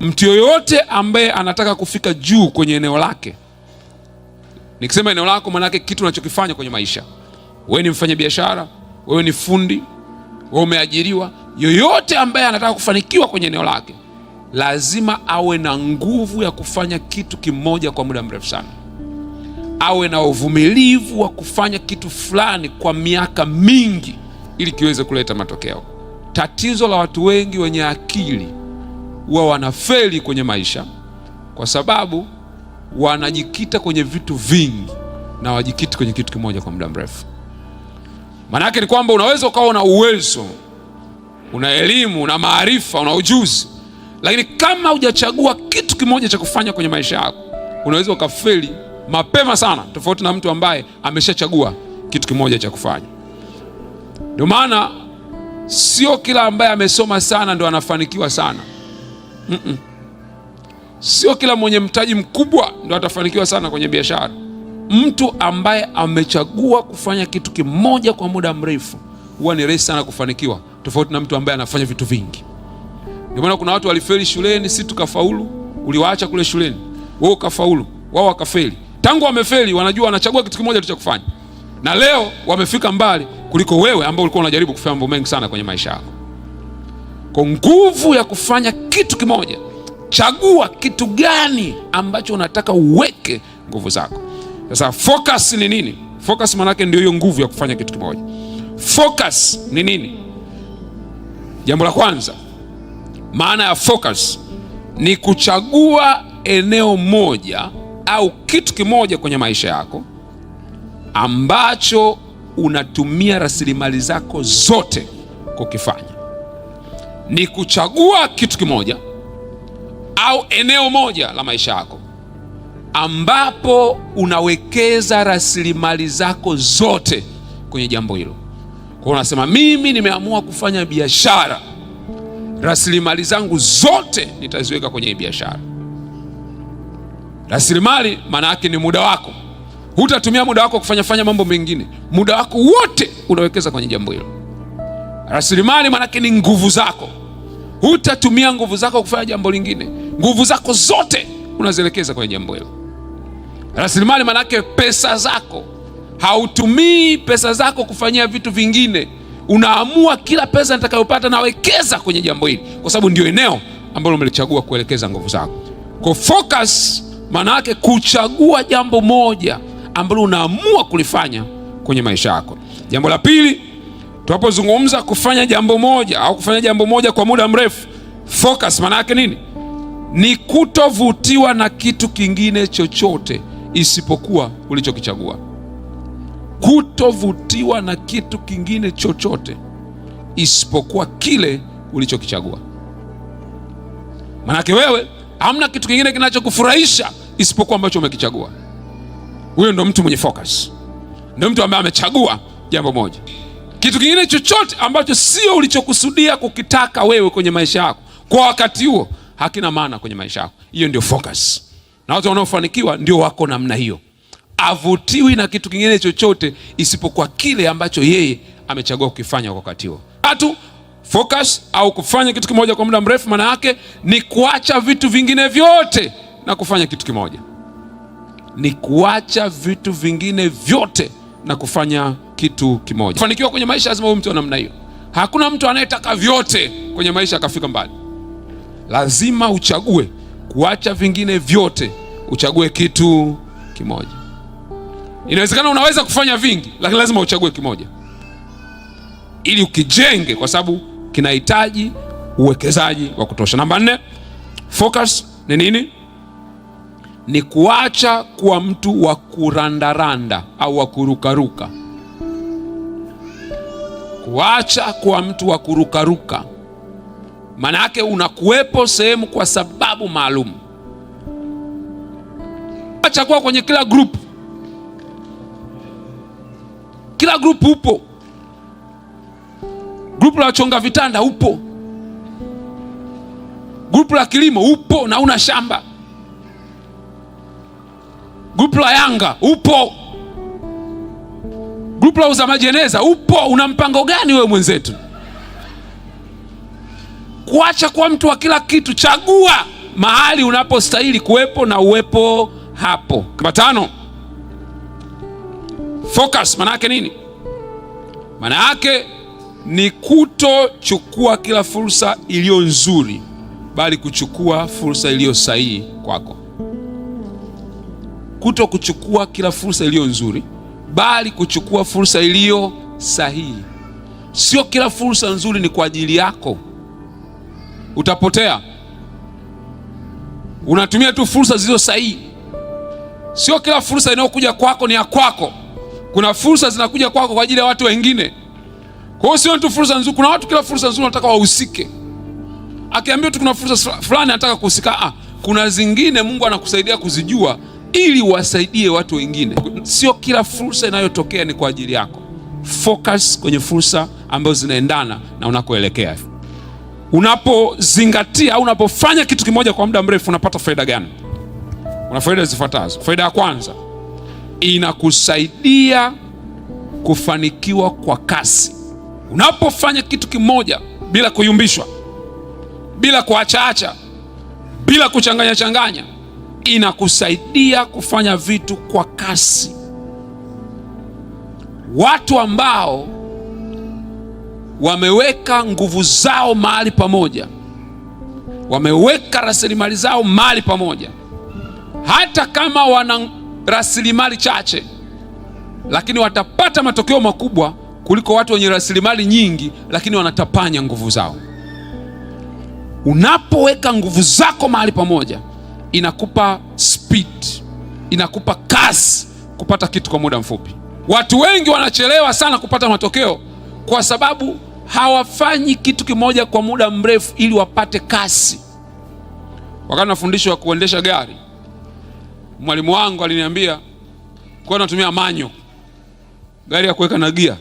Mtu yoyote ambaye anataka kufika juu kwenye eneo lake, nikisema eneo lako, maanake kitu unachokifanya kwenye maisha. Wewe ni mfanyabiashara, wewe ni fundi, wewe umeajiriwa. Yoyote ambaye anataka kufanikiwa kwenye eneo lake lazima awe na nguvu ya kufanya kitu kimoja kwa muda mrefu sana, awe na uvumilivu wa kufanya kitu fulani kwa miaka mingi ili kiweze kuleta matokeo. Tatizo la watu wengi wenye akili huwa wanafeli kwenye maisha kwa sababu wanajikita kwenye vitu vingi na wajikiti kwenye kitu kimoja kwa muda mrefu. Maana yake ni kwamba unaweza ukawa na uwezo, una elimu, una maarifa, una ujuzi, lakini kama hujachagua kitu kimoja cha kufanya kwenye maisha yako, unaweza ukafeli mapema sana, tofauti na mtu ambaye ameshachagua kitu kimoja cha kufanya. Ndio maana sio kila ambaye amesoma sana ndo anafanikiwa sana mm -mm. Sio kila mwenye mtaji mkubwa ndo atafanikiwa sana kwenye biashara. Mtu ambaye amechagua kufanya kitu kimoja kwa muda mrefu huwa ni rahisi sana kufanikiwa, tofauti na mtu ambaye anafanya vitu vingi. Ndio maana kuna watu walifeli shuleni, si tukafaulu. Uliwaacha kule shuleni, wewe ukafaulu, wao wakafeli. Tangu wamefeli, wanajua wanachagua kitu kimoja tu cha kufanya, na leo wamefika mbali kuliko wewe ambao ulikuwa unajaribu kufanya mambo mengi sana kwenye maisha yako yako nguvu ya kufanya kitu kimoja. Chagua kitu gani ambacho unataka uweke nguvu zako. Sasa focus ni nini? Focus maanake ndio hiyo nguvu ya kufanya kitu kimoja. Focus ni nini? Jambo la kwanza, maana ya focus ni kuchagua eneo moja au kitu kimoja kwenye maisha yako ambacho unatumia rasilimali zako zote kukifanya ni kuchagua kitu kimoja au eneo moja la maisha yako ambapo unawekeza rasilimali zako zote kwenye jambo hilo. Kwa unasema mimi nimeamua kufanya biashara, rasilimali zangu zote nitaziweka kwenye biashara. Rasilimali maana yake ni muda wako. Hutatumia muda wako kufanyafanya mambo mengine, muda wako wote unawekeza kwenye jambo hilo. Rasilimali maana yake ni nguvu zako. Hutatumia nguvu zako kufanya jambo lingine, nguvu zako zote unazielekeza kwenye jambo hilo. Rasilimali manake pesa zako, hautumii pesa zako kufanyia vitu vingine. Unaamua kila pesa nitakayopata nawekeza kwenye jambo hili, kwa sababu ndio eneo ambalo umelichagua kuelekeza nguvu zako. Kwa focus maana yake kuchagua jambo moja ambalo unaamua kulifanya kwenye maisha yako. Jambo la pili Tunapozungumza kufanya jambo moja au kufanya jambo moja kwa muda mrefu, focus maana yake nini? Ni kutovutiwa na kitu kingine chochote isipokuwa ulichokichagua. Kutovutiwa na kitu kingine chochote isipokuwa kile ulichokichagua. Maanake wewe hamna kitu kingine kinachokufurahisha isipokuwa ambacho umekichagua. Huyo ndo mtu mwenye focus, ndo mtu ambaye amechagua jambo moja kitu kingine chochote ambacho sio ulichokusudia kukitaka wewe kwenye maisha yako kwa wakati huo hakina maana kwenye maisha yako. Hiyo ndio focus, na watu wanaofanikiwa ndio wako namna hiyo, avutiwi na kitu kingine chochote isipokuwa kile ambacho yeye amechagua kukifanya kwa wakati huo. Tatu, focus au kufanya kitu kimoja kwa muda mrefu, maana yake ni kuacha vitu vingine vyote na kufanya kitu kimoja, ni kuacha vitu vingine vyote na kufanya kitu kimoja. Fanikiwa kwenye maisha, lazima uwe mtu wa namna hiyo. Hakuna mtu anayetaka vyote kwenye maisha akafika mbali. Lazima uchague kuacha vingine vyote, uchague kitu kimoja. Inawezekana unaweza kufanya vingi, lakini lazima uchague kimoja ili ukijenge, kwa sababu kinahitaji uwekezaji wa kutosha. Namba nne, focus ni nini? Ni kuacha kuwa mtu wa kurandaranda au wa kurukaruka kuacha kuwa mtu wa kurukaruka. Maana yake unakuwepo sehemu kwa sababu maalum. Acha kuwa kwenye kila group, kila group upo. Group la wachonga vitanda upo, group la kilimo upo na una shamba, group la Yanga upo grupu la uza majeneza upo, una mpango gani wewe mwenzetu? Kuacha kuwa mtu wa kila kitu, chagua mahali unapostahili kuwepo na uwepo hapo. Namba tano, focus. Maana yake nini? Maana yake ni kutochukua kila fursa iliyo nzuri, bali kuchukua fursa iliyo sahihi kwako. Kuto kuchukua kila fursa iliyo nzuri bali kuchukua fursa iliyo sahihi. Sio kila fursa nzuri ni kwa ajili yako, utapotea. Unatumia tu fursa zilizo sahihi. Sio kila fursa inayokuja kwako ni ya kwako. Kuna fursa zinakuja kwako kwa ajili ya watu wengine. Kwa hiyo sio tu fursa nzuri. Kuna watu kila fursa nzuri wanataka wahusike, akiambiwa tu kuna fursa fulani anataka kuhusika. Ah, kuna zingine Mungu anakusaidia kuzijua ili wasaidie watu wengine. Sio kila fursa inayotokea ni kwa ajili yako. Focus kwenye fursa ambazo zinaendana na unakoelekea. Unapozingatia au unapofanya kitu kimoja kwa muda mrefu, unapata faida gani? Una faida zifuatazo. Faida ya kwanza, inakusaidia kufanikiwa kwa kasi. Unapofanya kitu kimoja bila kuyumbishwa, bila kuachaacha, bila kuchanganya changanya inakusaidia kufanya vitu kwa kasi. Watu ambao wameweka nguvu zao mahali pamoja, wameweka rasilimali zao mahali pamoja, hata kama wana rasilimali chache, lakini watapata matokeo makubwa kuliko watu wenye rasilimali nyingi, lakini wanatapanya nguvu zao. Unapoweka nguvu zako mahali pamoja inakupa speed, inakupa kasi kupata kitu kwa muda mfupi. Watu wengi wanachelewa sana kupata matokeo kwa sababu hawafanyi kitu kimoja kwa muda mrefu ili wapate kasi. Wakati nafundishwa kuendesha gari, mwalimu wangu aliniambia kwa natumia manyo gari ya kuweka na gia,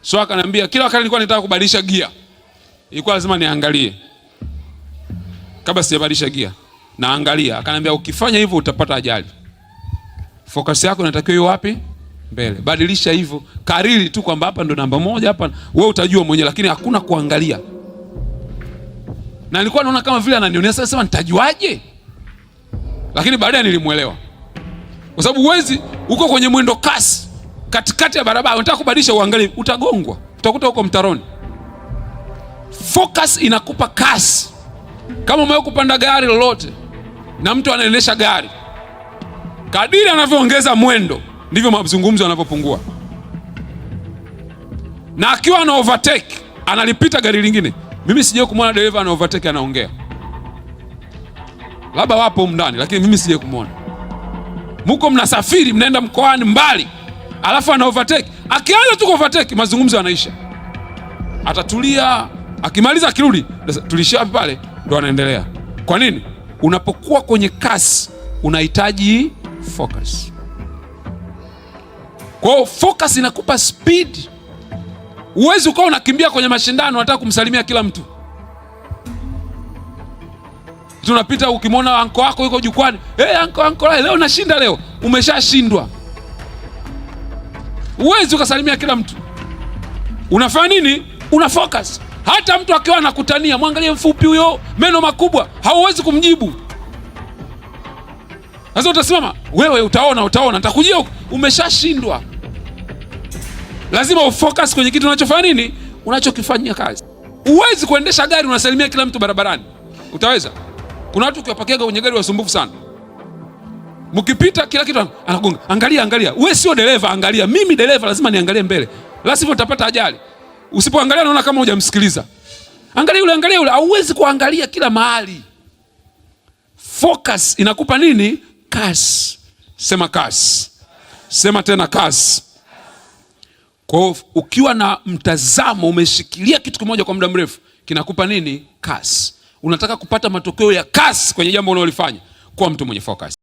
so akaniambia kila wakati nilikuwa nitaka kubadilisha gia, ilikuwa lazima niangalie kabla sijabadilisha gia naangalia. akaniambia ukifanya hivyo utapata ajali. Focus yako inatakiwa iwe wapi? Mbele. Badilisha hivyo, kariri tu kwamba hapa ndo namba moja, hapa wewe utajua mwenyewe, lakini hakuna kuangalia. Na nilikuwa naona kama vile ananionea, sasa sema nitajuaje? Lakini baadaye nilimwelewa, kwa sababu uwezi uko kwenye mwendo kasi katikati ya barabara, unataka kubadilisha, uangalie, utagongwa, utakuta uko mtaroni. Focus inakupa kasi. Kama umewahi kupanda gari lolote na mtu anaendesha gari, kadiri anavyoongeza mwendo ndivyo mazungumzo yanavyopungua. Na akiwa ana overtake analipita gari lingine, mimi sijawahi kumwona dereva ana overtake anaongea, labda wapo mndani, lakini mimi sijawahi kumwona. Muko mnasafiri mnaenda mkoani mbali, alafu ana overtake. Akianza tu overtake, mazungumzo yanaisha, atatulia. Akimaliza akirudi, tulishia pale, ndo anaendelea. Kwa nini? Unapokuwa kwenye kasi unahitaji focus. Kwa hiyo focus inakupa speed. Huwezi ukawa unakimbia kwenye mashindano unataka kumsalimia kila mtu. Tunapita ukimwona anko wako yuko jukwani, hey, eh, anko anko, leo nashinda leo. Umeshashindwa, huwezi ukasalimia kila mtu. Unafanya nini? Una focus. Hata mtu akiwa anakutania, mwangalie mfupi huyo, meno makubwa, hauwezi kumjibu. Sasa utasimama wewe, utaona utaona, nitakujia Umeshashindwa, lazima ufocus kwenye kitu unachofanya nini, unachokifanyia kazi. Huwezi kuendesha gari unasalimia kila mtu barabarani, utaweza? Kuna watu ukiwapakiaga kwenye gari wasumbufu sana, mkipita kila kitu anagonga, angalia, angalia. Wewe sio dereva, angalia. Mimi dereva lazima niangalie mbele, la sivyo utapata ajali. Usipoangalia unaona kama hujamsikiliza. Angalia yule, angalia yule, hauwezi kuangalia kila mahali. Focus inakupa nini? Kasi. Sema kasi. Sema tena kasi. Kwa ukiwa na mtazamo umeshikilia kitu kimoja kwa muda mrefu, kinakupa nini? Kasi. Unataka kupata matokeo ya kasi kwenye jambo unalolifanya, kuwa mtu mwenye focus.